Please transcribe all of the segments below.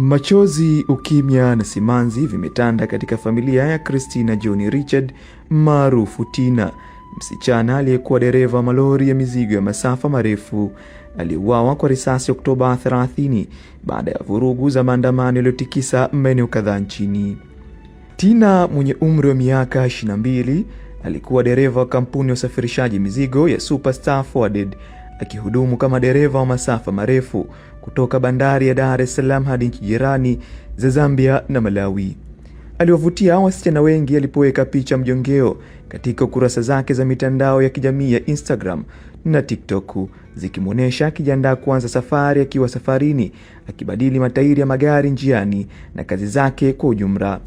Machozi, ukimya na simanzi vimetanda katika familia ya Christina John Richard maarufu Tina, msichana aliyekuwa dereva malori ya mizigo ya masafa marefu aliyeuawa kwa risasi Oktoba 30 baada ya vurugu za maandamano yaliyotikisa maeneo kadhaa nchini. Tina mwenye umri wa miaka 22 alikuwa dereva wa kampuni ya usafirishaji mizigo ya Superstar Forwarded akihudumu kama dereva wa masafa marefu kutoka bandari ya Dar es Salaam hadi nchi jirani za Zambia na Malawi. Aliwavutia wasichana wengi alipoweka picha mjongeo katika kurasa zake za mitandao ya kijamii ya Instagram na TikTok zikimwonyesha akijiandaa kuanza safari, akiwa safarini, akibadili matairi ya magari njiani na kazi zake kwa ujumla.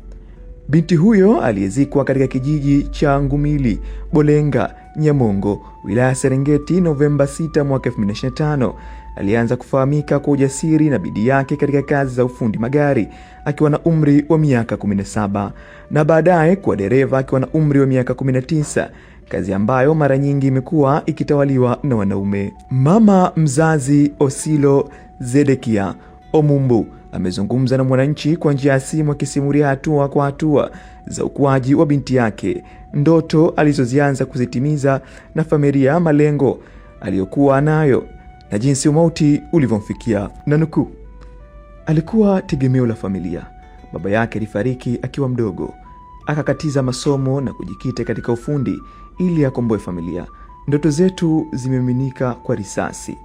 Binti huyo aliyezikwa katika kijiji cha Ngumili, Bolenga, Nyamongo, wilaya ya Serengeti Novemba 6 mwaka 2025 alianza kufahamika kwa ujasiri na bidii yake katika kazi za ufundi magari akiwa na umri wa miaka 17 na baadaye kuwa dereva akiwa na umri wa miaka 19, kazi ambayo mara nyingi imekuwa ikitawaliwa na wanaume. Mama mzazi Osilo Zedekia Omumbu amezungumza na Mwananchi kwa njia ya simu akisimulia hatua kwa hatua za ukuaji wa binti yake, ndoto alizozianza kuzitimiza na familia malengo aliyokuwa nayo na jinsi umauti ulivyomfikia. Na nukuu, alikuwa tegemeo la familia. Baba yake alifariki akiwa mdogo, akakatiza masomo na kujikita katika ufundi ili akomboe familia. Ndoto zetu zimeminika kwa risasi,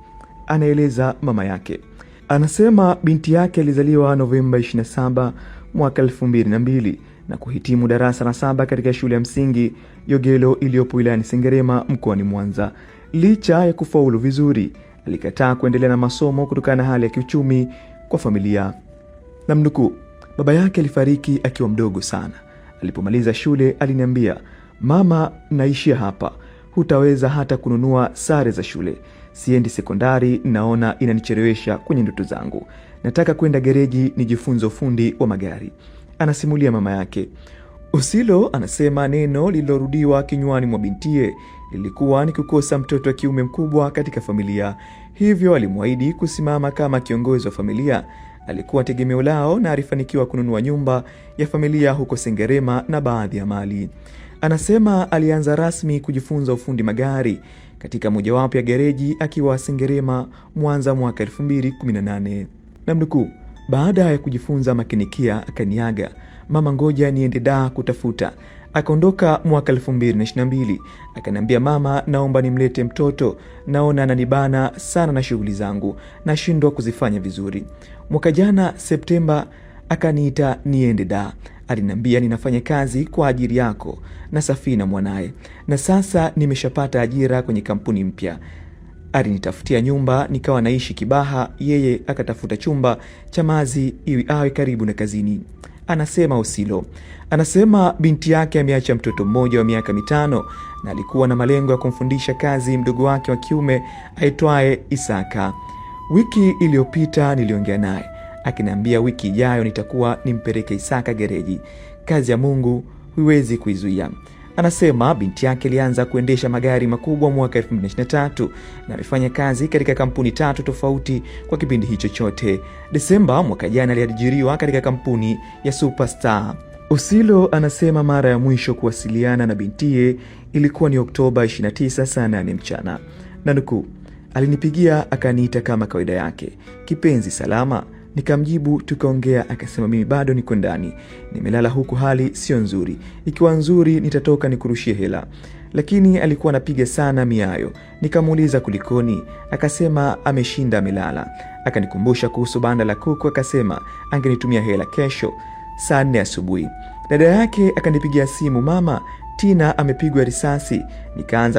anaeleza mama yake. Anasema binti yake alizaliwa Novemba 27 mwaka 22 na kuhitimu darasa la saba katika shule ya msingi Yogelo iliyopo wilayani Sengerema mkoani Mwanza. Licha ya kufaulu vizuri, alikataa kuendelea na masomo kutokana na hali ya kiuchumi kwa familia. Namnukuu, baba yake alifariki akiwa mdogo sana. Alipomaliza shule aliniambia, mama, naishia hapa, hutaweza hata kununua sare za shule. Siendi sekondari, naona inanichelewesha kwenye ndoto zangu. Nataka kwenda gereji nijifunze ufundi wa magari, anasimulia mama yake usilo anasema neno lililorudiwa kinywani mwa bintie lilikuwa ni kukosa mtoto wa kiume mkubwa katika familia, hivyo alimwahidi kusimama kama kiongozi wa familia. Alikuwa tegemeo lao na alifanikiwa kununua nyumba ya familia huko Sengerema na baadhi ya mali. Anasema alianza rasmi kujifunza ufundi magari katika mojawapo ya gereji akiwa Sengerema, Mwanza mwaka 2018 namnukuu. Baada ya kujifunza makinikia, akaniaga mama, ngoja niende da kutafuta. Akaondoka mwaka elfu mbili na na mbili. Akaniambia, mama, naomba nimlete mtoto, naona ananibana sana na shughuli zangu, nashindwa kuzifanya vizuri. Mwaka jana Septemba akaniita niende da aliniambia ninafanya kazi kwa ajili yako na Safina mwanaye, na sasa nimeshapata ajira kwenye kampuni mpya. Alinitafutia nyumba nikawa naishi Kibaha, yeye akatafuta chumba Chamazi iwi awe karibu na kazini. Anasema Usilo, anasema binti yake ameacha mtoto mmoja wa miaka mitano na alikuwa na malengo ya kumfundisha kazi mdogo wake wa kiume aitwaye Isaka. Wiki iliyopita niliongea naye akiniambia wiki ijayo nitakuwa nimpeleke Isaka gereji. Kazi ya Mungu huiwezi kuizuia. Anasema binti yake alianza kuendesha magari makubwa mwaka 23 na amefanya kazi katika kampuni tatu tofauti kwa kipindi hicho chote. Desemba mwaka jana aliajiriwa katika kampuni ya Superstar. Osilo anasema mara ya mwisho kuwasiliana na bintiye ilikuwa ni Oktoba 29 saa 8 mchana, nanukuu alinipigia akaniita kama kawaida yake, kipenzi salama Nikamjibu, tukaongea, akasema mimi bado niko ndani, nimelala huku, hali sio nzuri. Ikiwa nzuri, nitatoka nikurushie hela. Lakini alikuwa anapiga sana miayo. Nikamuuliza kulikoni, akasema ameshinda, amelala. Akanikumbusha kuhusu banda la kuku, akasema angenitumia hela kesho saa nne asubuhi. Dada yake akanipigia simu, mama, Tina amepigwa risasi. Nikaanza